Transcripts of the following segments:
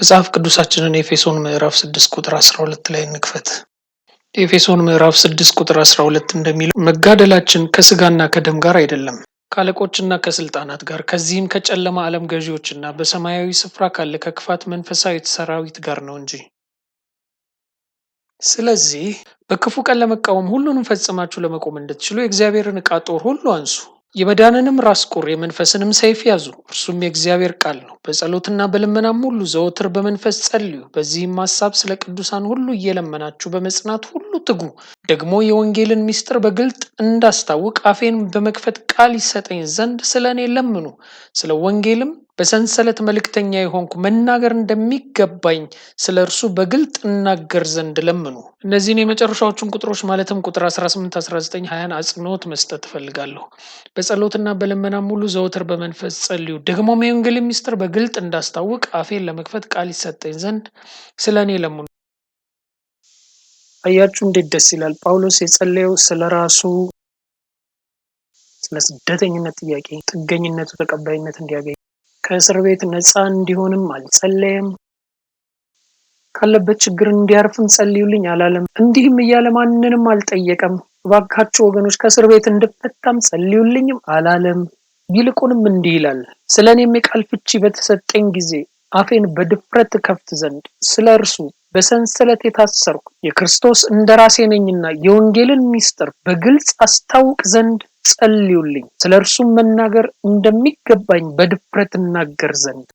መጽሐፍ ቅዱሳችንን ኤፌሶን ምዕራፍ 6 ቁጥር 12 ላይ እንክፈት። ኤፌሶን ምዕራፍ 6 ቁጥር 12 እንደሚለው መጋደላችን ከስጋና ከደም ጋር አይደለም፣ ከአለቆችና ከስልጣናት ጋር፣ ከዚህም ከጨለማ ዓለም ገዢዎችና በሰማያዊ ስፍራ ካለ ከክፋት መንፈሳዊት ሰራዊት ጋር ነው እንጂ። ስለዚህ በክፉ ቀን ለመቃወም ሁሉንም ፈጽማችሁ ለመቆም እንድትችሉ የእግዚአብሔርን ዕቃ ጦር ሁሉ አንሱ የመዳንንም ራስ ቁር የመንፈስንም ሰይፍ ያዙ፣ እርሱም የእግዚአብሔር ቃል ነው። በጸሎትና በልመናም ሁሉ ዘወትር በመንፈስ ጸልዩ፣ በዚህም ሐሳብ ስለ ቅዱሳን ሁሉ እየለመናችሁ በመጽናት ሁሉ ትጉ። ደግሞ የወንጌልን ምስጢር በግልጥ እንዳስታውቅ አፌን በመክፈት ቃል ይሰጠኝ ዘንድ ስለ እኔ ለምኑ። ስለ ወንጌልም በሰንሰለት መልእክተኛ የሆንኩ መናገር እንደሚገባኝ ስለ እርሱ በግልጥ እናገር ዘንድ ለምኑ። እነዚህን የመጨረሻዎቹን ቁጥሮች ማለትም ቁጥር 18፣ 19፣ 20 አጽንኦት መስጠት እፈልጋለሁ። በጸሎትና በልመና ሙሉ ዘወትር በመንፈስ ጸልዩ፣ ደግሞም የወንጌል ሚስጥር በግልጥ እንዳስታውቅ አፌን ለመክፈት ቃል ይሰጠኝ ዘንድ ስለ እኔ ለምኑ። አያችሁ እንዴት ደስ ይላል! ጳውሎስ የጸለየው ስለ ራሱ ስለ ስደተኝነት ጥያቄ ጥገኝነቱ ተቀባይነት እንዲያገኝ ከእስር ቤት ነፃ እንዲሆንም አልጸለየም። ካለበት ችግር እንዲያርፍም ጸልዩልኝ አላለም። እንዲህም እያለ ማንንም አልጠየቀም። እባካችሁ ወገኖች ከእስር ቤት እንድፈታም ጸልዩልኝም አላለም። ይልቁንም እንዲህ ይላል፣ ስለ እኔም የቃል ፍቺ በተሰጠኝ ጊዜ አፌን በድፍረት ከፍት ዘንድ ስለ እርሱ በሰንሰለት የታሰርኩ የክርስቶስ እንደራሴ ነኝና የወንጌልን ምስጢር በግልጽ አስታውቅ ዘንድ ጸልዩልኝ፣ ስለ እርሱም መናገር እንደሚገባኝ በድፍረት እናገር ዘንድ።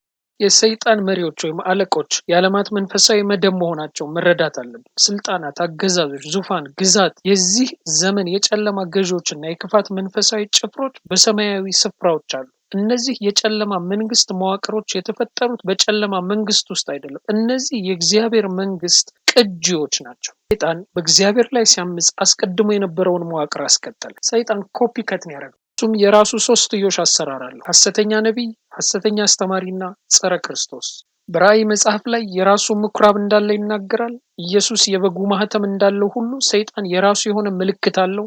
የሰይጣን መሪዎች ወይም አለቆች የዓለማት መንፈሳዊ መደብ መሆናቸው መረዳት አለብን። ስልጣናት፣ አገዛዞች፣ ዙፋን፣ ግዛት፣ የዚህ ዘመን የጨለማ ገዢዎችና የክፋት መንፈሳዊ ጭፍሮች በሰማያዊ ስፍራዎች አሉ። እነዚህ የጨለማ መንግስት መዋቅሮች የተፈጠሩት በጨለማ መንግስት ውስጥ አይደለም። እነዚህ የእግዚአብሔር መንግስት ቅጂዎች ናቸው። ሰይጣን በእግዚአብሔር ላይ ሲያምፅ አስቀድሞ የነበረውን መዋቅር አስቀጠለ። ሰይጣን ኮፒ ከትን ነው ያደረገው። እሱም የራሱ ሶስትዮሽ አሰራር አለው። ሐሰተኛ ነቢይ፣ ሐሰተኛ አስተማሪና ጸረ ክርስቶስ። በራእይ መጽሐፍ ላይ የራሱ ምኩራብ እንዳለ ይናገራል። ኢየሱስ የበጉ ማህተም እንዳለው ሁሉ ሰይጣን የራሱ የሆነ ምልክት አለው።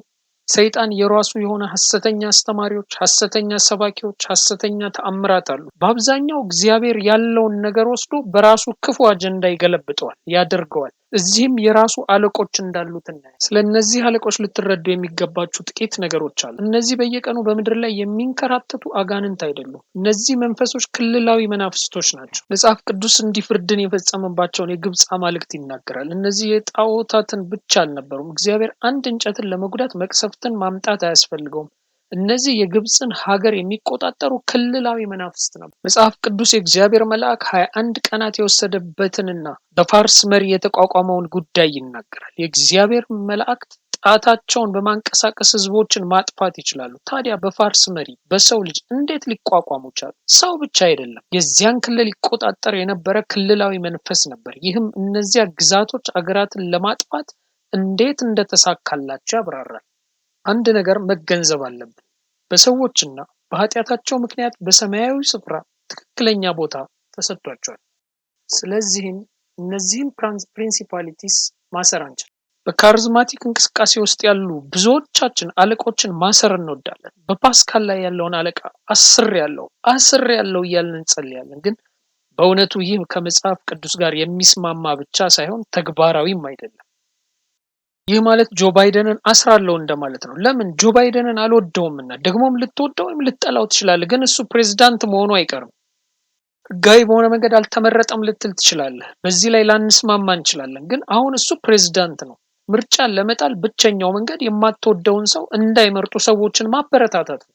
ሰይጣን የራሱ የሆነ ሐሰተኛ አስተማሪዎች፣ ሐሰተኛ ሰባኪዎች፣ ሐሰተኛ ተአምራት አሉ። በአብዛኛው እግዚአብሔር ያለውን ነገር ወስዶ በራሱ ክፉ አጀንዳ ይገለብጠዋል፣ ያደርገዋል። እዚህም የራሱ አለቆች እንዳሉት እናያ። ስለ እነዚህ አለቆች ልትረዱ የሚገባችሁ ጥቂት ነገሮች አሉ። እነዚህ በየቀኑ በምድር ላይ የሚንከራተቱ አጋንንት አይደሉም። እነዚህ መንፈሶች ክልላዊ መናፍስቶች ናቸው። መጽሐፍ ቅዱስ እንዲህ ፍርድን የፈጸመባቸውን የግብፅ አማልክት ይናገራል። እነዚህ የጣዖታትን ብቻ አልነበሩም። እግዚአብሔር አንድ እንጨትን ለመጉዳት መቅሰፍትን ማምጣት አያስፈልገውም። እነዚህ የግብፅን ሀገር የሚቆጣጠሩ ክልላዊ መናፍስት ነው። መጽሐፍ ቅዱስ የእግዚአብሔር መልአክ ሀያ አንድ ቀናት የወሰደበትንና በፋርስ መሪ የተቋቋመውን ጉዳይ ይናገራል። የእግዚአብሔር መላእክት ጣታቸውን በማንቀሳቀስ ህዝቦችን ማጥፋት ይችላሉ። ታዲያ በፋርስ መሪ በሰው ልጅ እንዴት ሊቋቋሙ ቻሉ? ሰው ብቻ አይደለም፣ የዚያን ክልል ይቆጣጠር የነበረ ክልላዊ መንፈስ ነበር። ይህም እነዚያ ግዛቶች አገራትን ለማጥፋት እንዴት እንደተሳካላቸው ያብራራል። አንድ ነገር መገንዘብ አለብን። በሰዎችና በኃጢአታቸው ምክንያት በሰማያዊ ስፍራ ትክክለኛ ቦታ ተሰጥቷቸዋል። ስለዚህም እነዚህን ፕሪንሲፓሊቲስ ማሰር አንችል። በካሪዝማቲክ እንቅስቃሴ ውስጥ ያሉ ብዙዎቻችን አለቆችን ማሰር እንወዳለን። በፓስካል ላይ ያለውን አለቃ አስር ያለው አስር ያለው እያልን እንጸልያለን። ግን በእውነቱ ይህ ከመጽሐፍ ቅዱስ ጋር የሚስማማ ብቻ ሳይሆን ተግባራዊም አይደለም። ይህ ማለት ጆ ባይደንን አስራለው እንደማለት ነው። ለምን ጆ ባይደንን እና ደግሞም ልትወደው ወይም ልጠላው ትችላለህ፣ ግን እሱ ፕሬዚዳንት መሆኑ አይቀርም። ህጋዊ በሆነ መንገድ አልተመረጠም ልትል ትችላለህ። በዚህ ላይ ላንስማማ እንችላለን፣ ግን አሁን እሱ ፕሬዚዳንት ነው። ምርጫን ለመጣል ብቸኛው መንገድ የማትወደውን ሰው እንዳይመርጡ ሰዎችን ማበረታታት ነው።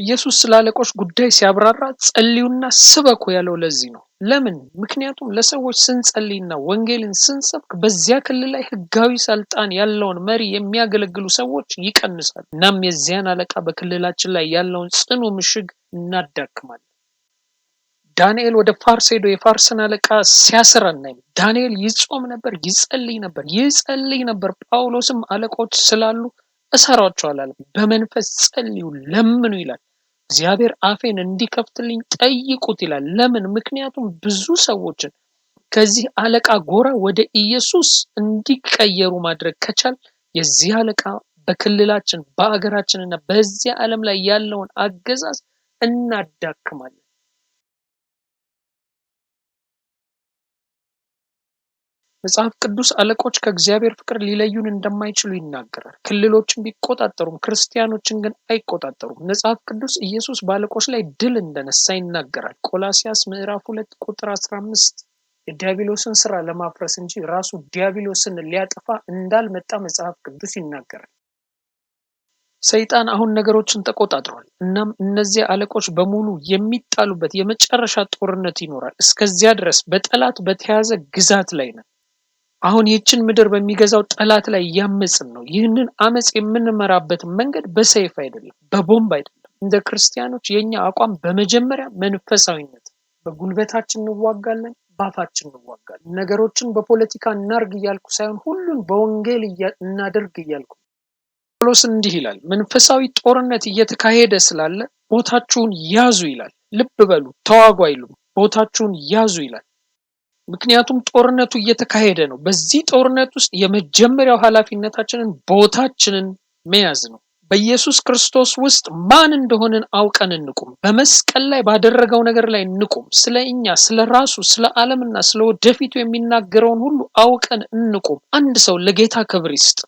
ኢየሱስ ስለ አለቆች ጉዳይ ሲያብራራ ጸልዩና ስበኩ ያለው ለዚህ ነው። ለምን? ምክንያቱም ለሰዎች ስንጸልይና ወንጌልን ስንሰብክ በዚያ ክልል ላይ ሕጋዊ ስልጣን ያለውን መሪ የሚያገለግሉ ሰዎች ይቀንሳል። እናም የዚያን አለቃ በክልላችን ላይ ያለውን ጽኑ ምሽግ እናዳክማለን። ዳንኤል ወደ ፋርስ ሄዶ የፋርስን አለቃ ሲያስር ዳንኤል ይጾም ነበር፣ ይጸልይ ነበር፣ ይጸልይ ነበር። ጳውሎስም አለቆች ስላሉ እሰራቸዋለሁ በመንፈስ ጸልዩ፣ ለምኑ ይላል። እግዚአብሔር አፌን እንዲከፍትልኝ ጠይቁት ይላል። ለምን? ምክንያቱም ብዙ ሰዎችን ከዚህ አለቃ ጎራ ወደ ኢየሱስ እንዲቀየሩ ማድረግ ከቻል የዚህ አለቃ በክልላችን በሀገራችንና በዚህ ዓለም ላይ ያለውን አገዛዝ እናዳክማለን። መጽሐፍ ቅዱስ አለቆች ከእግዚአብሔር ፍቅር ሊለዩን እንደማይችሉ ይናገራል። ክልሎችን ቢቆጣጠሩም ክርስቲያኖችን ግን አይቆጣጠሩም። መጽሐፍ ቅዱስ ኢየሱስ በአለቆች ላይ ድል እንደነሳ ይናገራል። ቆላሲያስ ምዕራፍ ሁለት ቁጥር አስራ አምስት የዲያብሎስን ስራ ለማፍረስ እንጂ ራሱ ዲያብሎስን ሊያጠፋ እንዳልመጣ መጽሐፍ ቅዱስ ይናገራል። ሰይጣን አሁን ነገሮችን ተቆጣጥሯል። እናም እነዚያ አለቆች በሙሉ የሚጣሉበት የመጨረሻ ጦርነት ይኖራል። እስከዚያ ድረስ በጠላት በተያዘ ግዛት ላይ ነን። አሁን ይህችን ምድር በሚገዛው ጠላት ላይ እያመፅን ነው። ይህንን አመፅ የምንመራበት መንገድ በሰይፍ አይደለም፣ በቦምብ አይደለም። እንደ ክርስቲያኖች የእኛ አቋም በመጀመሪያ መንፈሳዊነት፣ በጉልበታችን እንዋጋለን፣ ባፋችን እንዋጋለን። ነገሮችን በፖለቲካ እናርግ እያልኩ ሳይሆን ሁሉን በወንጌል እናደርግ እያልኩ ጳውሎስ እንዲህ ይላል፣ መንፈሳዊ ጦርነት እየተካሄደ ስላለ ቦታችሁን ያዙ ይላል። ልብ በሉ፣ ተዋጉ አይሉም፣ ቦታችሁን ያዙ ይላል። ምክንያቱም ጦርነቱ እየተካሄደ ነው። በዚህ ጦርነት ውስጥ የመጀመሪያው ኃላፊነታችንን ቦታችንን መያዝ ነው። በኢየሱስ ክርስቶስ ውስጥ ማን እንደሆንን አውቀን እንቁም። በመስቀል ላይ ባደረገው ነገር ላይ እንቁም። ስለ እኛ፣ ስለ ራሱ፣ ስለ ዓለምና ስለ ወደፊቱ የሚናገረውን ሁሉ አውቀን እንቁም። አንድ ሰው ለጌታ ክብር ይስጥ።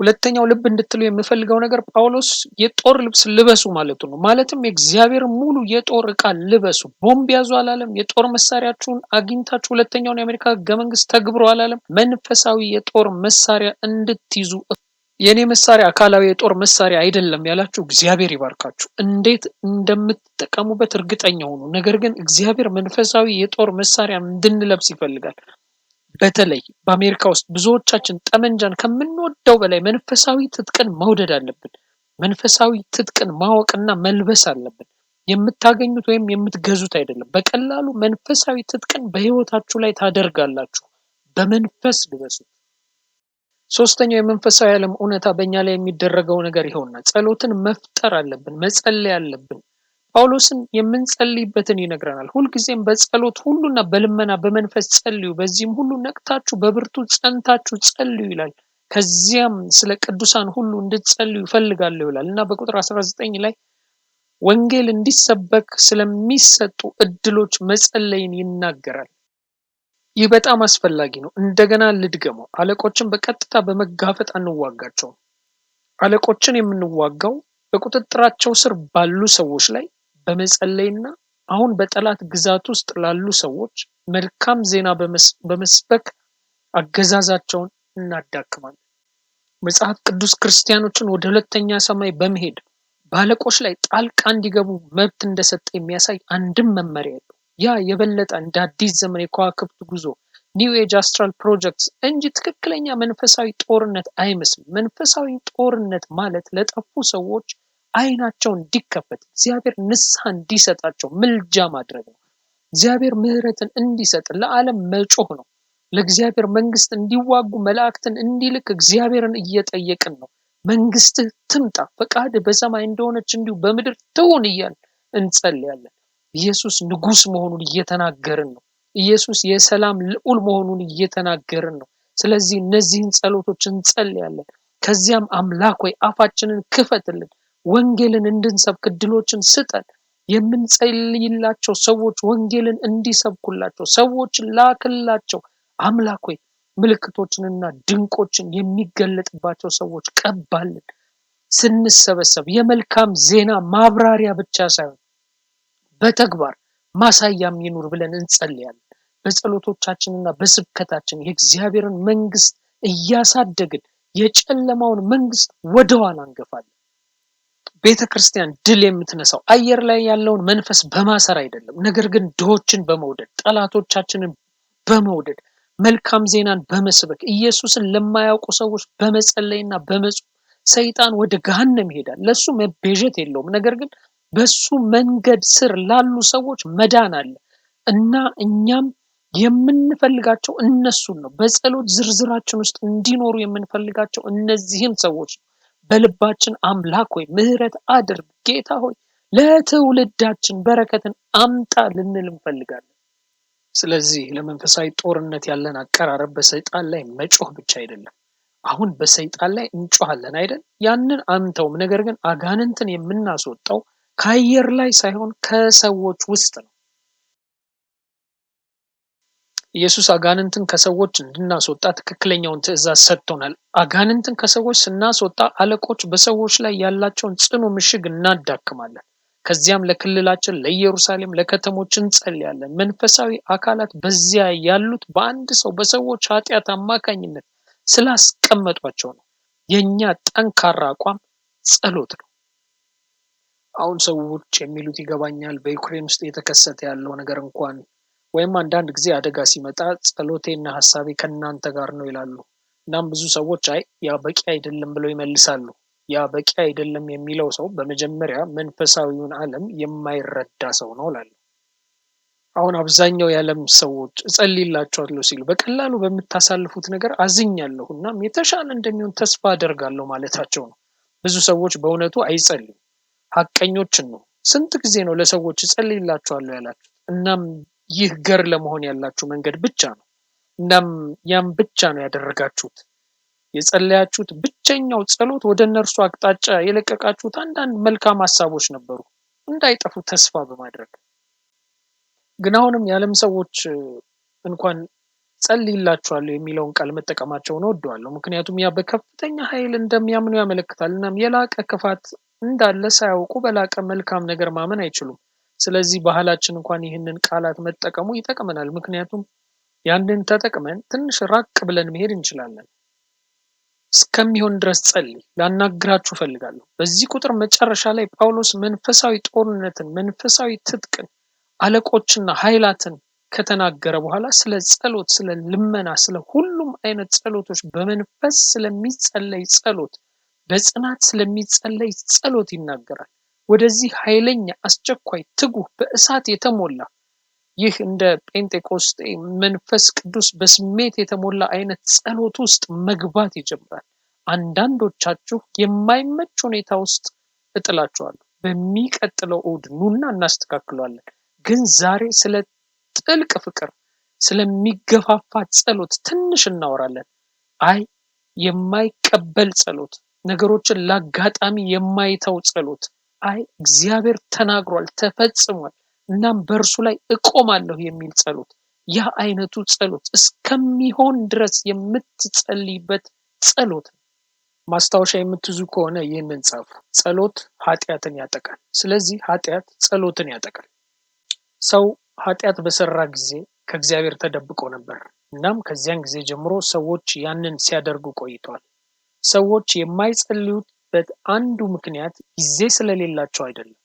ሁለተኛው ልብ እንድትሉ የምፈልገው ነገር ጳውሎስ የጦር ልብስ ልበሱ ማለቱ ነው። ማለትም የእግዚአብሔር ሙሉ የጦር ዕቃ ልበሱ። ቦምብ ያዙ አላለም። የጦር መሳሪያችሁን አግኝታችሁ ሁለተኛውን የአሜሪካ ህገ መንግስት ተግብሮ አላለም። መንፈሳዊ የጦር መሳሪያ እንድትይዙ የእኔ መሳሪያ አካላዊ የጦር መሳሪያ አይደለም ያላችሁ እግዚአብሔር ይባርካችሁ። እንዴት እንደምትጠቀሙበት እርግጠኛ ሆኑ። ነገር ግን እግዚአብሔር መንፈሳዊ የጦር መሳሪያ እንድንለብስ ይፈልጋል። በተለይ በአሜሪካ ውስጥ ብዙዎቻችን ጠመንጃን ከምንወደው በላይ መንፈሳዊ ትጥቅን መውደድ አለብን። መንፈሳዊ ትጥቅን ማወቅና መልበስ አለብን። የምታገኙት ወይም የምትገዙት አይደለም። በቀላሉ መንፈሳዊ ትጥቅን በህይወታችሁ ላይ ታደርጋላችሁ። በመንፈስ ልበሱት። ሶስተኛው የመንፈሳዊ ዓለም እውነታ በእኛ ላይ የሚደረገው ነገር ይኸውና፣ ጸሎትን መፍጠር አለብን፣ መጸለይ አለብን። ጳውሎስን የምንጸልይበትን ይነግረናል። ሁልጊዜም በጸሎት ሁሉና በልመና በመንፈስ ጸልዩ፣ በዚህም ሁሉ ነቅታችሁ በብርቱ ጸንታችሁ ጸልዩ ይላል። ከዚያም ስለ ቅዱሳን ሁሉ እንድትጸልዩ ይፈልጋለሁ ይላል እና በቁጥር 19 ላይ ወንጌል እንዲሰበክ ስለሚሰጡ እድሎች መጸለይን ይናገራል። ይህ በጣም አስፈላጊ ነው። እንደገና ልድገመው። አለቆችን በቀጥታ በመጋፈጥ አንዋጋቸውም። አለቆችን የምንዋጋው በቁጥጥራቸው ስር ባሉ ሰዎች ላይ በመጸለይና አሁን በጠላት ግዛት ውስጥ ላሉ ሰዎች መልካም ዜና በመስበክ አገዛዛቸውን እናዳክማለን። መጽሐፍ ቅዱስ ክርስቲያኖችን ወደ ሁለተኛ ሰማይ በመሄድ ባለቆች ላይ ጣልቃ እንዲገቡ መብት እንደሰጠ የሚያሳይ አንድም መመሪያ የለው። ያ የበለጠ እንደ አዲስ ዘመን የከዋክብት ጉዞ ኒው ኤጅ አስትራል ፕሮጀክትስ እንጂ ትክክለኛ መንፈሳዊ ጦርነት አይመስልም። መንፈሳዊ ጦርነት ማለት ለጠፉ ሰዎች አይናቸው እንዲከፈት እግዚአብሔር ንስሐ እንዲሰጣቸው ምልጃ ማድረግ ነው። እግዚአብሔር ምሕረትን እንዲሰጥ ለዓለም መጮህ ነው። ለእግዚአብሔር መንግስት እንዲዋጉ መላእክትን እንዲልክ እግዚአብሔርን እየጠየቅን ነው። መንግስትህ ትምጣ፣ ፈቃድ በሰማይ እንደሆነች እንዲሁ በምድር ትሁን እያል እንጸልያለን። ኢየሱስ ንጉስ መሆኑን እየተናገርን ነው። ኢየሱስ የሰላም ልዑል መሆኑን እየተናገርን ነው። ስለዚህ እነዚህን ጸሎቶች እንጸልያለን። ከዚያም አምላክ ወይ አፋችንን ክፈትልን። ወንጌልን እንድንሰብክ እድሎችን ስጠን። የምንጸልይላቸው ሰዎች ወንጌልን እንዲሰብኩላቸው ሰዎች ላክላቸው። አምላክ ሆይ ምልክቶችንና ድንቆችን የሚገለጥባቸው ሰዎች ቀባልን። ስንሰበሰብ የመልካም ዜና ማብራሪያ ብቻ ሳይሆን በተግባር ማሳያም ይኑር ብለን እንጸልያለን። በጸሎቶቻችንና በስብከታችን የእግዚአብሔርን መንግስት እያሳደግን የጨለማውን መንግስት ወደዋን አንገፋለን። ቤተ ክርስቲያን ድል የምትነሳው አየር ላይ ያለውን መንፈስ በማሰር አይደለም። ነገር ግን ድሆችን በመውደድ ጠላቶቻችንን በመውደድ መልካም ዜናን በመስበክ ኢየሱስን ለማያውቁ ሰዎች በመጸለይና በመጽ ሰይጣን ወደ ገሃነም ይሄዳል። ለሱ መቤዠት የለውም። ነገር ግን በሱ መንገድ ስር ላሉ ሰዎች መዳን አለ እና እኛም የምንፈልጋቸው እነሱን ነው። በጸሎት ዝርዝራችን ውስጥ እንዲኖሩ የምንፈልጋቸው እነዚህን ሰዎች ነው። በልባችን አምላክ ሆይ ምሕረት አድርግ ጌታ ሆይ ለትውልዳችን በረከትን አምጣ ልንል እንፈልጋለን። ስለዚህ ለመንፈሳዊ ጦርነት ያለን አቀራረብ በሰይጣን ላይ መጮህ ብቻ አይደለም። አሁን በሰይጣን ላይ እንጮሃለን አይደል? ያንን አንተውም። ነገር ግን አጋንንትን የምናስወጣው ከአየር ላይ ሳይሆን ከሰዎች ውስጥ ነው። ኢየሱስ አጋንንትን ከሰዎች እንድናስወጣ ትክክለኛውን ትእዛዝ ሰጥቶናል። አጋንንትን ከሰዎች ስናስወጣ አለቆች በሰዎች ላይ ያላቸውን ጽኑ ምሽግ እናዳክማለን። ከዚያም ለክልላችን፣ ለኢየሩሳሌም፣ ለከተሞች እንጸልያለን። መንፈሳዊ አካላት በዚያ ያሉት በአንድ ሰው በሰዎች ኃጢአት አማካኝነት ስላስቀመጧቸው ነው። የእኛ ጠንካራ አቋም ጸሎት ነው። አሁን ሰዎች የሚሉት ይገባኛል። በዩክሬን ውስጥ የተከሰተ ያለው ነገር እንኳን ወይም አንዳንድ ጊዜ አደጋ ሲመጣ ጸሎቴና ሀሳቤ ከእናንተ ጋር ነው ይላሉ። እናም ብዙ ሰዎች አይ ያ በቂ አይደለም ብለው ይመልሳሉ። ያ በቂ አይደለም የሚለው ሰው በመጀመሪያ መንፈሳዊውን ዓለም የማይረዳ ሰው ነው እላለሁ። አሁን አብዛኛው የዓለም ሰዎች እጸልይላችኋለሁ ሲሉ በቀላሉ በምታሳልፉት ነገር አዝኛለሁ፣ እናም የተሻለ እንደሚሆን ተስፋ አደርጋለሁ ማለታቸው ነው። ብዙ ሰዎች በእውነቱ አይጸልዩም፣ ሀቀኞችን ነው። ስንት ጊዜ ነው ለሰዎች እጸልይላችኋለሁ ያላቸው? እናም ይህ ገር ለመሆን ያላችሁ መንገድ ብቻ ነው። እናም ያም ብቻ ነው ያደረጋችሁት። የጸለያችሁት ብቸኛው ጸሎት ወደ እነርሱ አቅጣጫ የለቀቃችሁት አንዳንድ መልካም ሀሳቦች ነበሩ፣ እንዳይጠፉ ተስፋ በማድረግ ግን አሁንም የዓለም ሰዎች እንኳን ጸልይላችኋሉ የሚለውን ቃል መጠቀማቸውን ወደዋለሁ ምክንያቱም ያ በከፍተኛ ኃይል እንደሚያምኑ ያመለክታል። እናም የላቀ ክፋት እንዳለ ሳያውቁ በላቀ መልካም ነገር ማመን አይችሉም። ስለዚህ ባህላችን እንኳን ይህንን ቃላት መጠቀሙ ይጠቅመናል። ምክንያቱም ያንን ተጠቅመን ትንሽ ራቅ ብለን መሄድ እንችላለን። እስከሚሆን ድረስ ጸልይ። ላናግራችሁ እፈልጋለሁ። በዚህ ቁጥር መጨረሻ ላይ ጳውሎስ መንፈሳዊ ጦርነትን፣ መንፈሳዊ ትጥቅን፣ አለቆችና ኃይላትን ከተናገረ በኋላ ስለ ጸሎት፣ ስለ ልመና፣ ስለ ሁሉም አይነት ጸሎቶች፣ በመንፈስ ስለሚጸለይ ጸሎት፣ በጽናት ስለሚጸለይ ጸሎት ይናገራል። ወደዚህ ኃይለኛ አስቸኳይ ትጉህ በእሳት የተሞላ ይህ እንደ ጴንጤቆስጤ መንፈስ ቅዱስ በስሜት የተሞላ አይነት ጸሎት ውስጥ መግባት ይጀምራል። አንዳንዶቻችሁ የማይመች ሁኔታ ውስጥ እጥላችኋለሁ። በሚቀጥለው እሁድ ኑና እናስተካክሏለን ግን ዛሬ ስለ ጥልቅ ፍቅር ስለሚገፋፋ ጸሎት ትንሽ እናወራለን። አይ የማይቀበል ጸሎት፣ ነገሮችን ለአጋጣሚ የማይተው ጸሎት አይ እግዚአብሔር ተናግሯል፣ ተፈጽሟል፣ እናም በእርሱ ላይ እቆማለሁ የሚል ጸሎት ያ አይነቱ ጸሎት እስከሚሆን ድረስ የምትጸልይበት ጸሎት ነው። ማስታወሻ የምትዙ ከሆነ ይህንን ጻፉ። ጸሎት ኃጢአትን ያጠቃል። ስለዚህ ኃጢአት ጸሎትን ያጠቃል። ሰው ኃጢአት በሰራ ጊዜ ከእግዚአብሔር ተደብቆ ነበር። እናም ከዚያን ጊዜ ጀምሮ ሰዎች ያንን ሲያደርጉ ቆይተዋል። ሰዎች የማይጸልዩት የሆነበት አንዱ ምክንያት ጊዜ ስለሌላቸው አይደለም፣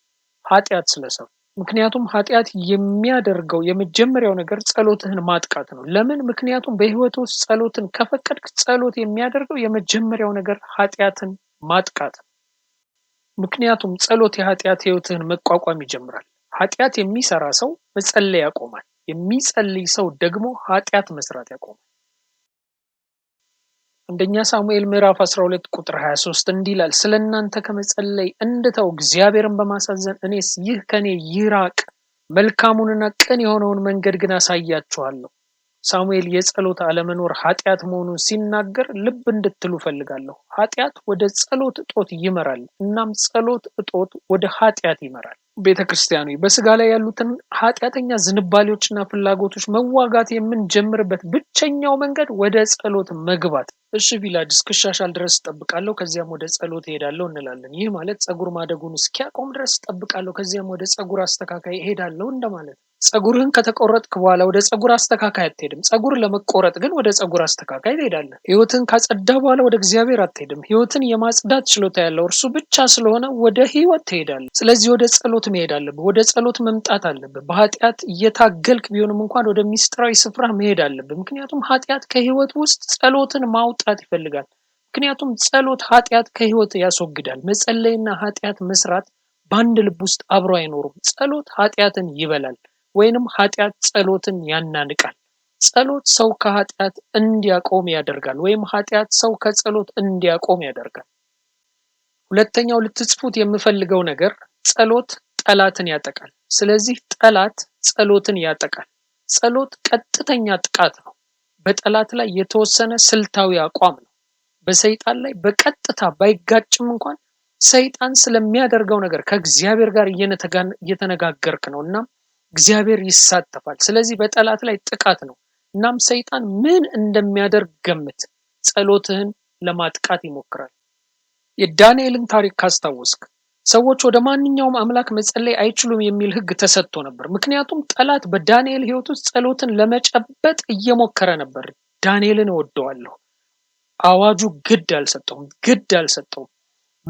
ኃጢአት ስለሰሩ። ምክንያቱም ኃጢአት የሚያደርገው የመጀመሪያው ነገር ጸሎትህን ማጥቃት ነው። ለምን? ምክንያቱም በህይወት ውስጥ ጸሎትን ከፈቀድክ ጸሎት የሚያደርገው የመጀመሪያው ነገር ኃጢአትን ማጥቃት ነው። ምክንያቱም ጸሎት የኃጢአት ህይወትህን መቋቋም ይጀምራል። ኃጢአት የሚሰራ ሰው መጸለይ ያቆማል። የሚጸልይ ሰው ደግሞ ኃጢአት መስራት ያቆማል። አንደኛ ሳሙኤል ምዕራፍ 12 ቁጥር 23 እንዲህ ይላል፣ ስለ እናንተ ከመጸለይ እንድተው እግዚአብሔርን በማሳዘን እኔስ ይህ ከኔ ይራቅ፣ መልካሙንና ቅን የሆነውን መንገድ ግን አሳያችኋለሁ። ሳሙኤል የጸሎት አለመኖር ኃጢአት መሆኑን ሲናገር ልብ እንድትሉ ፈልጋለሁ። ኃጢአት ወደ ጸሎት እጦት ይመራል፣ እናም ጸሎት እጦት ወደ ኃጢአት ይመራል። ቤተ ክርስቲያኑ በስጋ ላይ ያሉትን ኃጢአተኛ ዝንባሌዎችና ፍላጎቶች መዋጋት የምንጀምርበት ብቸኛው መንገድ ወደ ጸሎት መግባት። እሺ ቪላጅ እስክሻሻል ድረስ እጠብቃለሁ፣ ከዚያም ወደ ጸሎት እሄዳለሁ እንላለን። ይህ ማለት ጸጉር ማደጉን እስኪያቆም ድረስ እጠብቃለሁ፣ ከዚያም ወደ ጸጉር አስተካካይ እሄዳለሁ እንደማለት ጸጉርህን ከተቆረጥክ በኋላ ወደ ፀጉር አስተካካይ አትሄድም። ፀጉር ለመቆረጥ ግን ወደ ፀጉር አስተካካይ ትሄዳለህ። ህይወትን ካጸዳ በኋላ ወደ እግዚአብሔር አትሄድም። ህይወትን የማጽዳት ችሎታ ያለው እርሱ ብቻ ስለሆነ ወደ ህይወት ትሄዳለህ። ስለዚህ ወደ ጸሎት መሄድ አለብህ። ወደ ጸሎት መምጣት አለብህ። በኃጢአት እየታገልክ ቢሆንም እንኳን ወደ ሚስጥራዊ ስፍራ መሄድ አለብህ። ምክንያቱም ኃጢአት ከህይወት ውስጥ ጸሎትን ማውጣት ይፈልጋል። ምክንያቱም ጸሎት ኃጢአት ከህይወት ያስወግዳል። መጸለይና ኃጢአት መስራት በአንድ ልብ ውስጥ አብሮ አይኖሩም። ጸሎት ኃጢአትን ይበላል። ወይንም ኃጢአት ጸሎትን ያናንቃል። ጸሎት ሰው ከኃጢአት እንዲያቆም ያደርጋል፣ ወይም ኃጢአት ሰው ከጸሎት እንዲያቆም ያደርጋል። ሁለተኛው ልትጽፉት የምፈልገው ነገር ጸሎት ጠላትን ያጠቃል። ስለዚህ ጠላት ጸሎትን ያጠቃል። ጸሎት ቀጥተኛ ጥቃት ነው። በጠላት ላይ የተወሰነ ስልታዊ አቋም ነው። በሰይጣን ላይ በቀጥታ ባይጋጭም እንኳን ሰይጣን ስለሚያደርገው ነገር ከእግዚአብሔር ጋር እየተነጋገርክ ነው። እናም እግዚአብሔር ይሳተፋል። ስለዚህ በጠላት ላይ ጥቃት ነው። እናም ሰይጣን ምን እንደሚያደርግ ገምት። ጸሎትህን ለማጥቃት ይሞክራል። የዳንኤልን ታሪክ ካስታወስክ ሰዎች ወደ ማንኛውም አምላክ መጸለይ አይችሉም የሚል ሕግ ተሰጥቶ ነበር። ምክንያቱም ጠላት በዳንኤል ሕይወት ውስጥ ጸሎትን ለመጨበጥ እየሞከረ ነበር። ዳንኤልን እወደዋለሁ። አዋጁ ግድ አልሰጠውም፣ ግድ አልሰጠውም።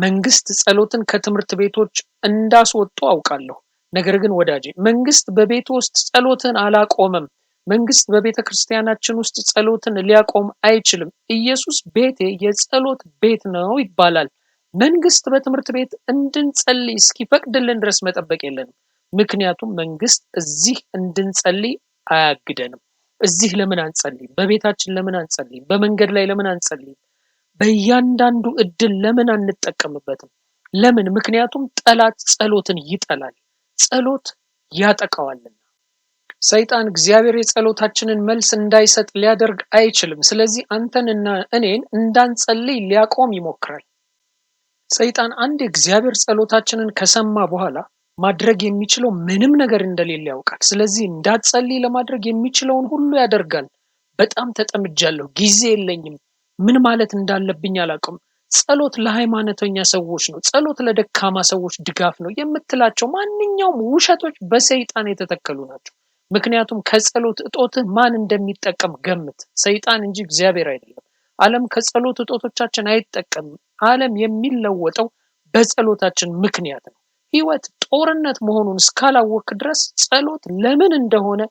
መንግስት ጸሎትን ከትምህርት ቤቶች እንዳስወጡ አውቃለሁ። ነገር ግን ወዳጄ መንግስት በቤት ውስጥ ጸሎትን አላቆመም። መንግስት በቤተ ክርስቲያናችን ውስጥ ጸሎትን ሊያቆም አይችልም። ኢየሱስ ቤቴ የጸሎት ቤት ነው ይባላል። መንግስት በትምህርት ቤት እንድንጸልይ እስኪፈቅድልን ድረስ መጠበቅ የለንም። ምክንያቱም መንግስት እዚህ እንድንጸልይ አያግደንም። እዚህ ለምን አንጸልይም? በቤታችን ለምን አንጸልይም? በመንገድ ላይ ለምን አንጸልይም? በእያንዳንዱ እድል ለምን አንጠቀምበትም? ለምን? ምክንያቱም ጠላት ጸሎትን ይጠላል። ጸሎት ያጠቃዋልና ሰይጣን እግዚአብሔር የጸሎታችንን መልስ እንዳይሰጥ ሊያደርግ አይችልም። ስለዚህ አንተንና እኔን እንዳንጸልይ ሊያቆም ይሞክራል። ሰይጣን አንድ እግዚአብሔር ጸሎታችንን ከሰማ በኋላ ማድረግ የሚችለው ምንም ነገር እንደሌለ ያውቃል። ስለዚህ እንዳትጸልይ ለማድረግ የሚችለውን ሁሉ ያደርጋል። በጣም ተጠምጃለሁ፣ ጊዜ የለኝም፣ ምን ማለት እንዳለብኝ አላውቅም፣ ጸሎት ለሃይማኖተኛ ሰዎች ነው። ጸሎት ለደካማ ሰዎች ድጋፍ ነው የምትላቸው ማንኛውም ውሸቶች በሰይጣን የተተከሉ ናቸው። ምክንያቱም ከጸሎት እጦት ማን እንደሚጠቀም ገምት። ሰይጣን እንጂ እግዚአብሔር አይደለም። ዓለም ከጸሎት እጦቶቻችን አይጠቀምም። ዓለም የሚለወጠው በጸሎታችን ምክንያት ነው። ህይወት ጦርነት መሆኑን እስካላወቅ ድረስ ጸሎት ለምን እንደሆነ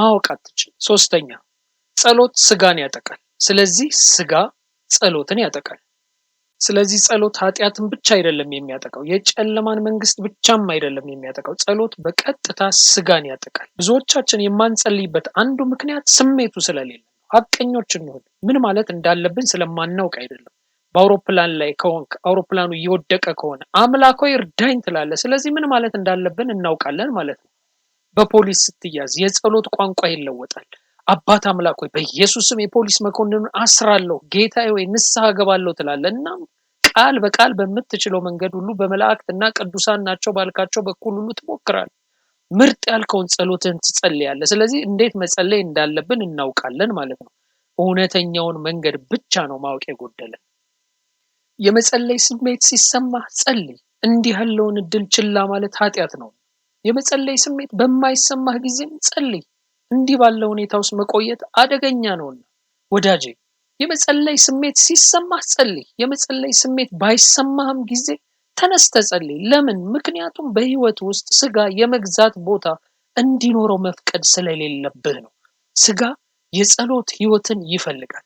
ማወቅ አትችል። ሶስተኛ ጸሎት ስጋን ያጠቃል። ስለዚህ ስጋ ጸሎትን ያጠቃል። ስለዚህ ጸሎት ኃጢአትን ብቻ አይደለም የሚያጠቃው፣ የጨለማን መንግስት ብቻም አይደለም የሚያጠቃው። ጸሎት በቀጥታ ስጋን ያጠቃል። ብዙዎቻችን የማንጸልይበት አንዱ ምክንያት ስሜቱ ስለሌለ ነው። ሀቀኞች እንሆን፣ ምን ማለት እንዳለብን ስለማናውቅ አይደለም። በአውሮፕላን ላይ ከሆንክ አውሮፕላኑ እየወደቀ ከሆነ አምላኮ እርዳኝ ትላለህ። ስለዚህ ምን ማለት እንዳለብን እናውቃለን ማለት ነው። በፖሊስ ስትያዝ የጸሎት ቋንቋ ይለወጣል። አባት አምላክ ሆይ በኢየሱስም የፖሊስ መኮንኑን አስራለሁ፣ ጌታ ወይ ንስሐ ገባለሁ ትላለ። እናም ቃል በቃል በምትችለው መንገድ ሁሉ በመላእክትና ቅዱሳን ናቸው ባልካቸው በኩል ሁሉ ትሞክራል። ምርጥ ያልከውን ጸሎትን ትጸልያለህ። ስለዚህ እንዴት መጸለይ እንዳለብን እናውቃለን ማለት ነው። እውነተኛውን መንገድ ብቻ ነው ማወቅ የጎደለን። የመጸለይ ስሜት ሲሰማ ጸልይ። እንዲህ ያለውን እድል ችላ ማለት ኃጢአት ነው። የመጸለይ ስሜት በማይሰማህ ጊዜም ጸልይ። እንዲህ ባለው ሁኔታ ውስጥ መቆየት አደገኛ ነውና ወዳጄ የመጸለይ ስሜት ሲሰማህ ጸልይ። የመጸለይ ስሜት ባይሰማህም ጊዜ ተነስተ ጸልይ። ለምን? ምክንያቱም በህይወት ውስጥ ስጋ የመግዛት ቦታ እንዲኖረው መፍቀድ ስለሌለብህ ነው። ስጋ የጸሎት ህይወትን ይፈልጋል።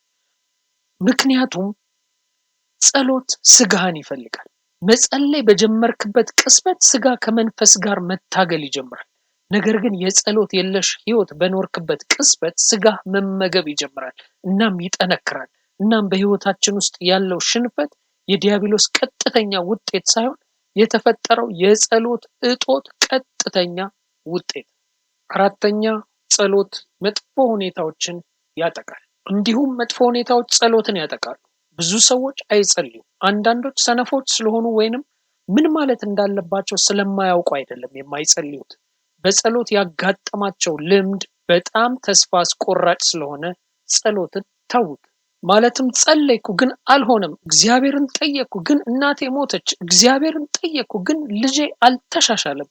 ምክንያቱም ጸሎት ስጋህን ይፈልጋል። መጸለይ በጀመርክበት ቅስበት ስጋ ከመንፈስ ጋር መታገል ይጀምራል። ነገር ግን የጸሎት የለሽ ህይወት በኖርክበት ቅጽበት ስጋ መመገብ ይጀምራል። እናም ይጠነክራል። እናም በህይወታችን ውስጥ ያለው ሽንፈት የዲያብሎስ ቀጥተኛ ውጤት ሳይሆን የተፈጠረው የጸሎት እጦት ቀጥተኛ ውጤት። አራተኛ ጸሎት መጥፎ ሁኔታዎችን ያጠቃል። እንዲሁም መጥፎ ሁኔታዎች ጸሎትን ያጠቃሉ። ብዙ ሰዎች አይጸልዩም። አንዳንዶች ሰነፎች ስለሆኑ ወይንም ምን ማለት እንዳለባቸው ስለማያውቁ አይደለም የማይጸልዩት በጸሎት ያጋጠማቸው ልምድ በጣም ተስፋ አስቆራጭ ስለሆነ ጸሎትን ተዉት። ማለትም ጸለይኩ ግን አልሆነም፣ እግዚአብሔርን ጠየቅኩ ግን እናቴ ሞተች፣ እግዚአብሔርን ጠየቅኩ ግን ልጄ አልተሻሻለም።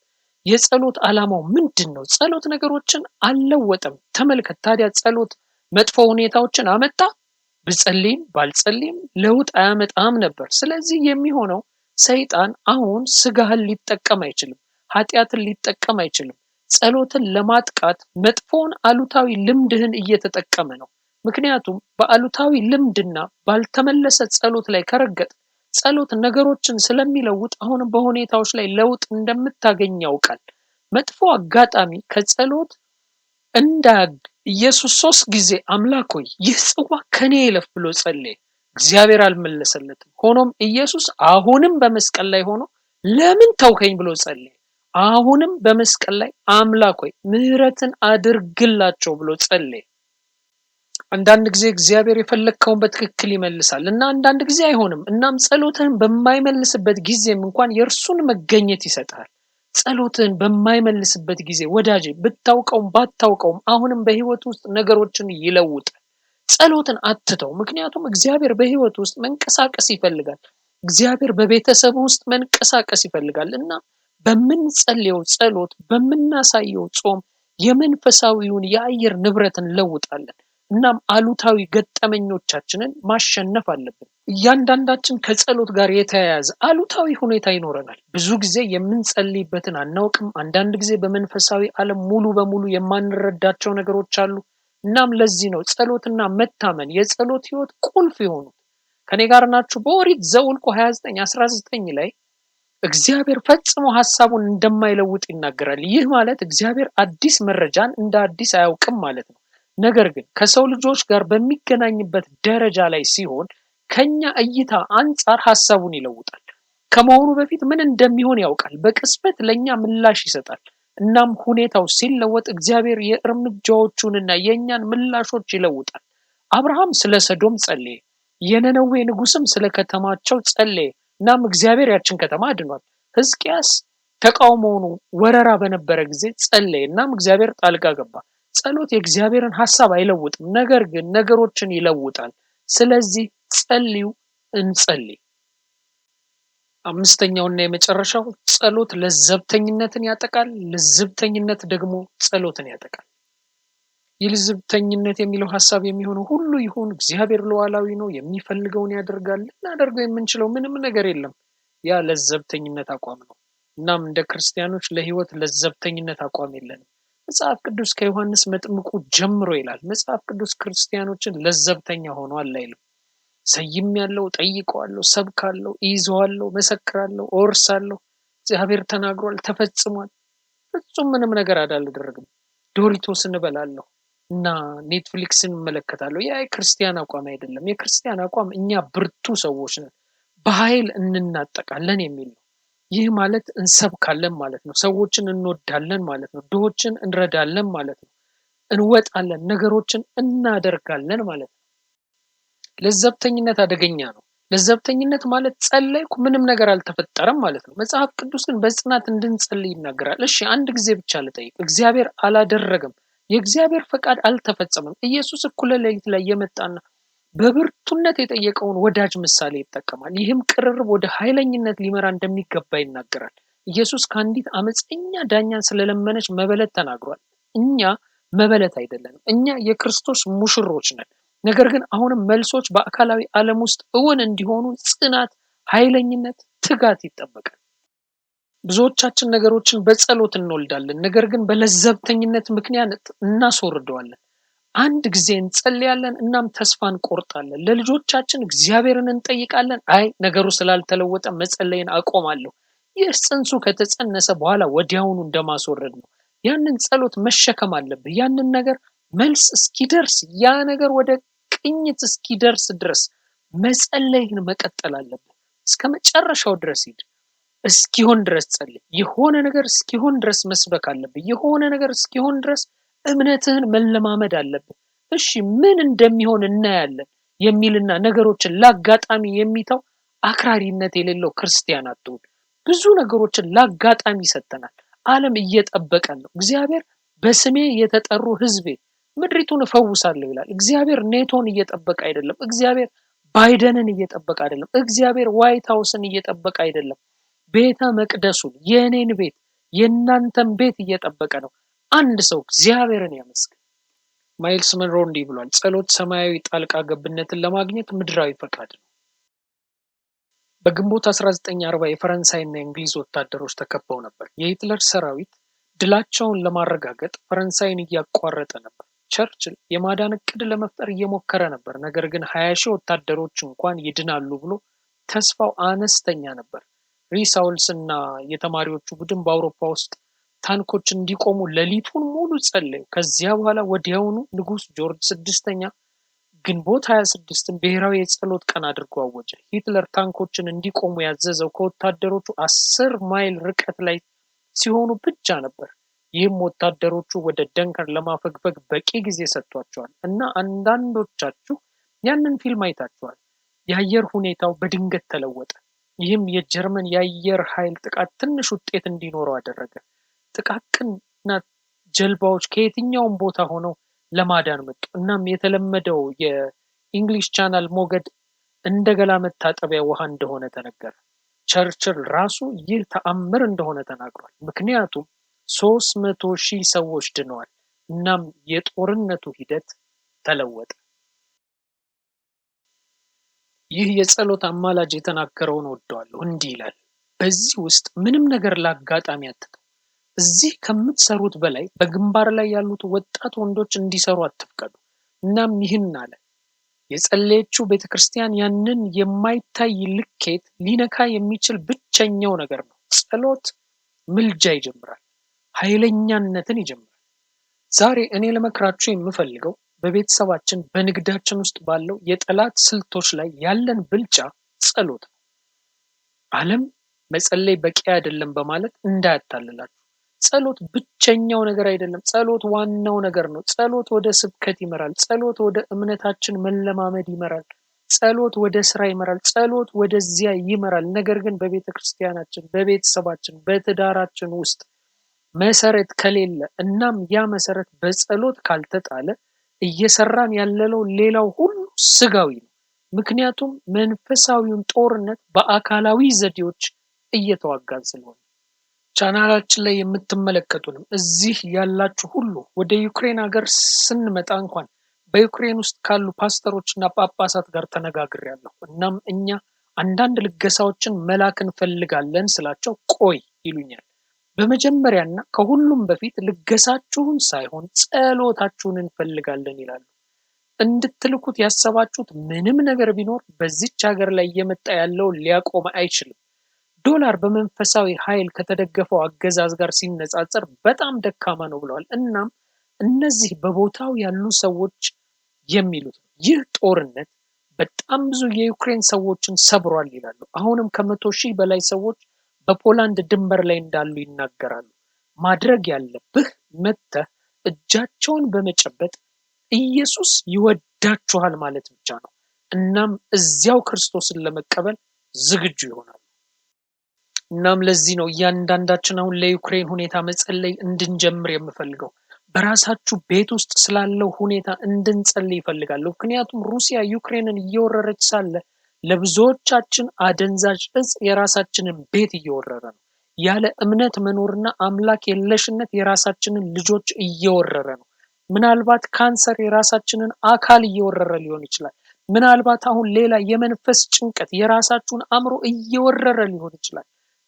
የጸሎት ዓላማው ምንድን ነው? ጸሎት ነገሮችን አልለወጠም። ተመልከት ታዲያ ጸሎት መጥፎ ሁኔታዎችን አመጣ? ብጸልይም ባልጸልይም ለውጥ አያመጣም ነበር። ስለዚህ የሚሆነው ሰይጣን አሁን ስጋህን ሊጠቀም አይችልም። ኃጢአትን ሊጠቀም አይችልም። ጸሎትን ለማጥቃት መጥፎውን አሉታዊ ልምድህን እየተጠቀመ ነው። ምክንያቱም በአሉታዊ ልምድና ባልተመለሰ ጸሎት ላይ ከረገጥ ጸሎት ነገሮችን ስለሚለውጥ አሁንም በሁኔታዎች ላይ ለውጥ እንደምታገኝ ያውቃል። መጥፎ አጋጣሚ ከጸሎት እንዳያግ ኢየሱስ ሶስት ጊዜ አምላክ ሆይ ይህ ጽዋ ከኔ ይለፍ ብሎ ጸለየ። እግዚአብሔር አልመለሰለትም። ሆኖም ኢየሱስ አሁንም በመስቀል ላይ ሆኖ ለምን ተውከኝ ብሎ ጸለየ። አሁንም በመስቀል ላይ አምላክ ሆይ ምህረትን አድርግላቸው ብሎ ጸለየ። አንዳንድ ጊዜ እግዚአብሔር የፈለግከውን በትክክል ይመልሳል እና አንዳንድ ጊዜ አይሆንም። እናም ጸሎትህን በማይመልስበት ጊዜም እንኳን የእርሱን መገኘት ይሰጣል። ጸሎትህን በማይመልስበት ጊዜ ወዳጄ፣ ብታውቀውም ባታውቀውም አሁንም በህይወት ውስጥ ነገሮችን ይለውጣል። ጸሎትን አትተው፣ ምክንያቱም እግዚአብሔር በህይወት ውስጥ መንቀሳቀስ ይፈልጋል። እግዚአብሔር በቤተሰብ ውስጥ መንቀሳቀስ ይፈልጋል እና በምንጸልየው ጸሎት፣ በምናሳየው ጾም የመንፈሳዊውን የአየር ንብረት እንለውጣለን። እናም አሉታዊ ገጠመኞቻችንን ማሸነፍ አለብን። እያንዳንዳችን ከጸሎት ጋር የተያያዘ አሉታዊ ሁኔታ ይኖረናል። ብዙ ጊዜ የምንጸልይበትን አናውቅም። አንዳንድ ጊዜ በመንፈሳዊ ዓለም ሙሉ በሙሉ የማንረዳቸው ነገሮች አሉ። እናም ለዚህ ነው ጸሎትና መታመን የጸሎት ህይወት ቁልፍ የሆኑት። ከኔ ጋር ናችሁ። በኦሪት ዘውልቆ 29 19 ላይ እግዚአብሔር ፈጽሞ ሀሳቡን እንደማይለውጥ ይናገራል። ይህ ማለት እግዚአብሔር አዲስ መረጃን እንደ አዲስ አያውቅም ማለት ነው። ነገር ግን ከሰው ልጆች ጋር በሚገናኝበት ደረጃ ላይ ሲሆን ከኛ እይታ አንጻር ሀሳቡን ይለውጣል። ከመሆኑ በፊት ምን እንደሚሆን ያውቃል። በቅጽበት ለእኛ ምላሽ ይሰጣል። እናም ሁኔታው ሲለወጥ እግዚአብሔር የእርምጃዎቹንና የእኛን ምላሾች ይለውጣል። አብርሃም ስለ ሰዶም ጸለየ። የነነዌ ንጉስም ስለ ከተማቸው ጸለየ። እናም እግዚአብሔር ያችን ከተማ አድኗል። ህዝቅያስ ተቃውሞውን ወረራ በነበረ ጊዜ ጸለይ እናም እግዚአብሔር ጣልቃ ገባ። ጸሎት የእግዚአብሔርን ሀሳብ አይለውጥም፣ ነገር ግን ነገሮችን ይለውጣል። ስለዚህ ጸልዩ፣ እንጸልይ። አምስተኛውና የመጨረሻው ጸሎት ለዘብተኝነትን ያጠቃል። ለዘብተኝነት ደግሞ ጸሎትን ያጠቃል። የልዝብተኝነት የሚለው ሀሳብ የሚሆነው ሁሉ ይሁን እግዚአብሔር ለዋላዊ ነው፣ የሚፈልገውን ያደርጋል፣ ልናደርገው የምንችለው ምንም ነገር የለም። ያ ለዘብተኝነት አቋም ነው። እናም እንደ ክርስቲያኖች ለህይወት ለዘብተኝነት አቋም የለንም። መጽሐፍ ቅዱስ ከዮሐንስ መጥምቁ ጀምሮ ይላል መጽሐፍ ቅዱስ ክርስቲያኖችን ለዘብተኛ ሆኖ አላይልም። ሰይም ያለው ጠይቀዋለሁ፣ ሰብካለሁ፣ ይዘዋለሁ፣ መሰክራለሁ፣ ኦርሳለሁ፣ እግዚአብሔር ተናግሯል፣ ተፈጽሟል፣ ፍጹም ምንም ነገር አዳልደረግም፣ ዶሪቶስ እንበላለሁ እና ኔትፍሊክስን እመለከታለሁ። ያ የክርስቲያን አቋም አይደለም። የክርስቲያን አቋም እኛ ብርቱ ሰዎች ነን፣ በኃይል እንናጠቃለን የሚል ነው። ይህ ማለት እንሰብካለን ማለት ነው። ሰዎችን እንወዳለን ማለት ነው። ድሆችን እንረዳለን ማለት ነው። እንወጣለን፣ ነገሮችን እናደርጋለን ማለት ነው። ለዘብተኝነት አደገኛ ነው። ለዘብተኝነት ማለት ጸለይኩ፣ ምንም ነገር አልተፈጠረም ማለት ነው። መጽሐፍ ቅዱስ ግን በጽናት እንድንጸልይ ይናገራል። እሺ አንድ ጊዜ ብቻ ልጠይቅ፣ እግዚአብሔር አላደረገም የእግዚአብሔር ፈቃድ አልተፈጸመም። ኢየሱስ እኩለ ሌሊት ላይ የመጣና በብርቱነት የጠየቀውን ወዳጅ ምሳሌ ይጠቀማል። ይህም ቅርርብ ወደ ኃይለኝነት ሊመራ እንደሚገባ ይናገራል። ኢየሱስ ከአንዲት አመፀኛ ዳኛን ስለለመነች መበለት ተናግሯል። እኛ መበለት አይደለንም። እኛ የክርስቶስ ሙሽሮች ነን። ነገር ግን አሁንም መልሶች በአካላዊ ዓለም ውስጥ እውን እንዲሆኑ ጽናት፣ ኃይለኝነት፣ ትጋት ይጠበቃል። ብዙዎቻችን ነገሮችን በጸሎት እንወልዳለን፣ ነገር ግን በለዘብተኝነት ምክንያት እናስወርደዋለን። አንድ ጊዜ እንጸልያለን፣ እናም ተስፋ እንቆርጣለን። ለልጆቻችን እግዚአብሔርን እንጠይቃለን፣ አይ ነገሩ ስላልተለወጠ መጸለይን አቆማለሁ። ይህ ጽንሱ ከተጸነሰ በኋላ ወዲያውኑ እንደማስወረድ ነው። ያንን ጸሎት መሸከም አለብህ። ያንን ነገር መልስ እስኪደርስ፣ ያ ነገር ወደ ቅኝት እስኪደርስ ድረስ መጸለይን መቀጠል አለብህ። እስከ መጨረሻው ድረስ ሂድ። እስኪሆን ድረስ ጸልይ። የሆነ ነገር እስኪሆን ድረስ መስበክ አለብህ። የሆነ ነገር እስኪሆን ድረስ እምነትህን መለማመድ አለብህ። እሺ ምን እንደሚሆን እናያለን የሚልና ነገሮችን ለአጋጣሚ የሚተው አክራሪነት የሌለው ክርስቲያን አትሁን። ብዙ ነገሮችን ለአጋጣሚ ይሰጠናል። ዓለም እየጠበቀን ነው። እግዚአብሔር በስሜ የተጠሩ ህዝቤ ምድሪቱን እፈውሳለሁ ይላል። እግዚአብሔር ኔቶን እየጠበቀ አይደለም። እግዚአብሔር ባይደንን እየጠበቀ አይደለም። እግዚአብሔር ዋይት ሀውስን እየጠበቀ አይደለም። ቤተ መቅደሱን የእኔን ቤት የእናንተን ቤት እየጠበቀ ነው። አንድ ሰው እግዚአብሔርን ያመስግን። ማይልስ መንሮ እንዲህ ብሏል፣ ጸሎት ሰማያዊ ጣልቃ ገብነትን ለማግኘት ምድራዊ ፈቃድ ነው። በግንቦት 1940 የፈረንሳይና የእንግሊዝ ወታደሮች ተከበው ነበር። የሂትለር ሰራዊት ድላቸውን ለማረጋገጥ ፈረንሳይን እያቋረጠ ነበር። ቸርችል የማዳን እቅድ ለመፍጠር እየሞከረ ነበር። ነገር ግን ሀያ ሺህ ወታደሮች እንኳን ይድናሉ ብሎ ተስፋው አነስተኛ ነበር። ሪሳውልስ እና የተማሪዎቹ ቡድን በአውሮፓ ውስጥ ታንኮች እንዲቆሙ ሌሊቱን ሙሉ ጸለዩ። ከዚያ በኋላ ወዲያውኑ ንጉስ ጆርጅ ስድስተኛ ግንቦት 26ን ብሔራዊ የጸሎት ቀን አድርጎ አወጀ። ሂትለር ታንኮችን እንዲቆሙ ያዘዘው ከወታደሮቹ አስር ማይል ርቀት ላይ ሲሆኑ ብቻ ነበር። ይህም ወታደሮቹ ወደ ደንከር ለማፈግፈግ በቂ ጊዜ ሰጥቷቸዋል እና አንዳንዶቻችሁ ያንን ፊልም አይታችኋል። የአየር ሁኔታው በድንገት ተለወጠ። ይህም የጀርመን የአየር ኃይል ጥቃት ትንሽ ውጤት እንዲኖረው አደረገ። ጥቃቅንና ጀልባዎች ከየትኛውም ቦታ ሆነው ለማዳን መጡ። እናም የተለመደው የኢንግሊሽ ቻናል ሞገድ እንደ ገላ መታጠቢያ ውሃ እንደሆነ ተነገረ። ቸርችል ራሱ ይህ ተአምር እንደሆነ ተናግሯል። ምክንያቱም ሶስት መቶ ሺህ ሰዎች ድነዋል። እናም የጦርነቱ ሂደት ተለወጠ። ይህ የጸሎት አማላጅ የተናገረውን ወደዋለሁ። እንዲህ ይላል፣ በዚህ ውስጥ ምንም ነገር ለአጋጣሚ አትተው። እዚህ ከምትሰሩት በላይ በግንባር ላይ ያሉት ወጣት ወንዶች እንዲሰሩ አትፍቀዱ። እናም ይህን አለ፣ የጸለየችው ቤተ ክርስቲያን ያንን የማይታይ ልኬት ሊነካ የሚችል ብቸኛው ነገር ነው። ጸሎት ምልጃ ይጀምራል፣ ኃይለኛነትን ይጀምራል። ዛሬ እኔ ለመክራችሁ የምፈልገው በቤተሰባችን በንግዳችን ውስጥ ባለው የጠላት ስልቶች ላይ ያለን ብልጫ ጸሎት ነው። መጸለይ በቂ አይደለም በማለት እንዳያታልላችሁ። ጸሎት ብቸኛው ነገር አይደለም። ጸሎት ዋናው ነገር ነው። ጸሎት ወደ ስብከት ይመራል። ጸሎት ወደ እምነታችን መለማመድ ይመራል። ጸሎት ወደ ስራ ይመራል። ጸሎት ወደዚያ ይመራል። ነገር ግን በቤተ ክርስቲያናችን፣ በቤተሰባችን፣ በትዳራችን ውስጥ መሰረት ከሌለ እናም ያ መሰረት በጸሎት ካልተጣለ እየሰራን ያለነው ሌላው ሁሉ ስጋዊ ነው። ምክንያቱም መንፈሳዊውን ጦርነት በአካላዊ ዘዴዎች እየተዋጋን ስለሆነ ቻናላችን ላይ የምትመለከቱንም እዚህ ያላችሁ ሁሉ ወደ ዩክሬን ሀገር ስንመጣ እንኳን በዩክሬን ውስጥ ካሉ ፓስተሮችና ጳጳሳት ጋር ተነጋግሬያለሁ። እናም እኛ አንዳንድ ልገሳዎችን መላክ እንፈልጋለን ስላቸው ቆይ ይሉኛል። በመጀመሪያና ከሁሉም በፊት ልገሳችሁን ሳይሆን ጸሎታችሁን እንፈልጋለን ይላሉ። እንድትልኩት ያሰባችሁት ምንም ነገር ቢኖር በዚች ሀገር ላይ እየመጣ ያለውን ሊያቆም አይችልም። ዶላር በመንፈሳዊ ኃይል ከተደገፈው አገዛዝ ጋር ሲነጻጸር በጣም ደካማ ነው ብለዋል። እናም እነዚህ በቦታው ያሉ ሰዎች የሚሉት ነው። ይህ ጦርነት በጣም ብዙ የዩክሬን ሰዎችን ሰብሯል ይላሉ። አሁንም ከመቶ ሺህ በላይ ሰዎች በፖላንድ ድንበር ላይ እንዳሉ ይናገራሉ። ማድረግ ያለብህ መጥተህ እጃቸውን በመጨበጥ ኢየሱስ ይወዳችኋል ማለት ብቻ ነው። እናም እዚያው ክርስቶስን ለመቀበል ዝግጁ ይሆናሉ። እናም ለዚህ ነው እያንዳንዳችን አሁን ለዩክሬን ሁኔታ መጸለይ እንድንጀምር የምፈልገው። በራሳችሁ ቤት ውስጥ ስላለው ሁኔታ እንድንጸልይ ይፈልጋለሁ። ምክንያቱም ሩሲያ ዩክሬንን እየወረረች ሳለ ለብዙዎቻችን አደንዛዥ እጽ የራሳችንን ቤት እየወረረ ነው። ያለ እምነት መኖርና አምላክ የለሽነት የራሳችንን ልጆች እየወረረ ነው። ምናልባት ካንሰር የራሳችንን አካል እየወረረ ሊሆን ይችላል። ምናልባት አሁን ሌላ የመንፈስ ጭንቀት የራሳችሁን አእምሮ እየወረረ ሊሆን ይችላል።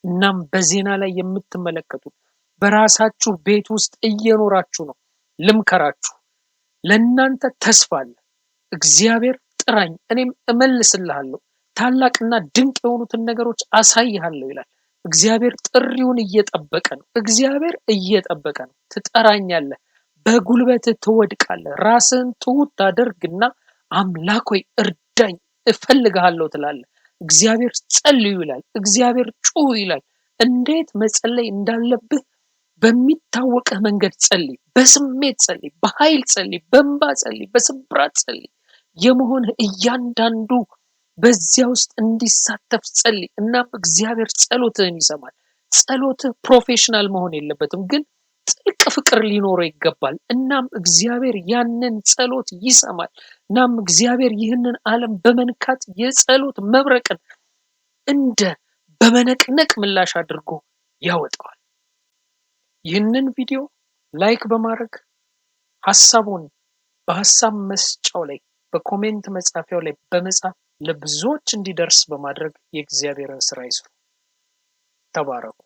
እናም በዜና ላይ የምትመለከቱት በራሳችሁ ቤት ውስጥ እየኖራችሁ ነው። ልምከራችሁ፣ ለእናንተ ተስፋ አለ። እግዚአብሔር ጥራኝ፣ እኔም እመልስልሃለሁ፣ ታላቅና ድንቅ የሆኑትን ነገሮች አሳይሃለሁ ይላል። እግዚአብሔር ጥሪውን እየጠበቀ ነው። እግዚአብሔር እየጠበቀ ነው። ትጠራኛለህ፣ በጉልበትህ ትወድቃለህ፣ ራስህን ትሑት ታደርግና አምላክ ሆይ እርዳኝ፣ እፈልግሃለሁ ትላለህ። እግዚአብሔር ጸልዩ ይላል። እግዚአብሔር ጩሁ ይላል። እንዴት መጸለይ እንዳለብህ በሚታወቅህ መንገድ ጸልይ፣ በስሜት ጸልይ፣ በኃይል ጸልይ፣ በእንባ ጸልይ፣ በስብራት ጸልይ። የመሆን እያንዳንዱ በዚያ ውስጥ እንዲሳተፍ ጸልይ። እናም እግዚአብሔር ጸሎትህን ይሰማል። ጸሎትህ ፕሮፌሽናል መሆን የለበትም፣ ግን ጥልቅ ፍቅር ሊኖረው ይገባል። እናም እግዚአብሔር ያንን ጸሎት ይሰማል። እናም እግዚአብሔር ይህንን ዓለም በመንካት የጸሎት መብረቅን እንደ በመነቅነቅ ምላሽ አድርጎ ያወጣዋል። ይህንን ቪዲዮ ላይክ በማድረግ ሀሳቡን በሀሳብ መስጫው ላይ በኮሜንት መጻፊያው ላይ በመጻፍ ለብዙዎች እንዲደርስ በማድረግ የእግዚአብሔርን ስራ ይስሩ። ተባረኩ።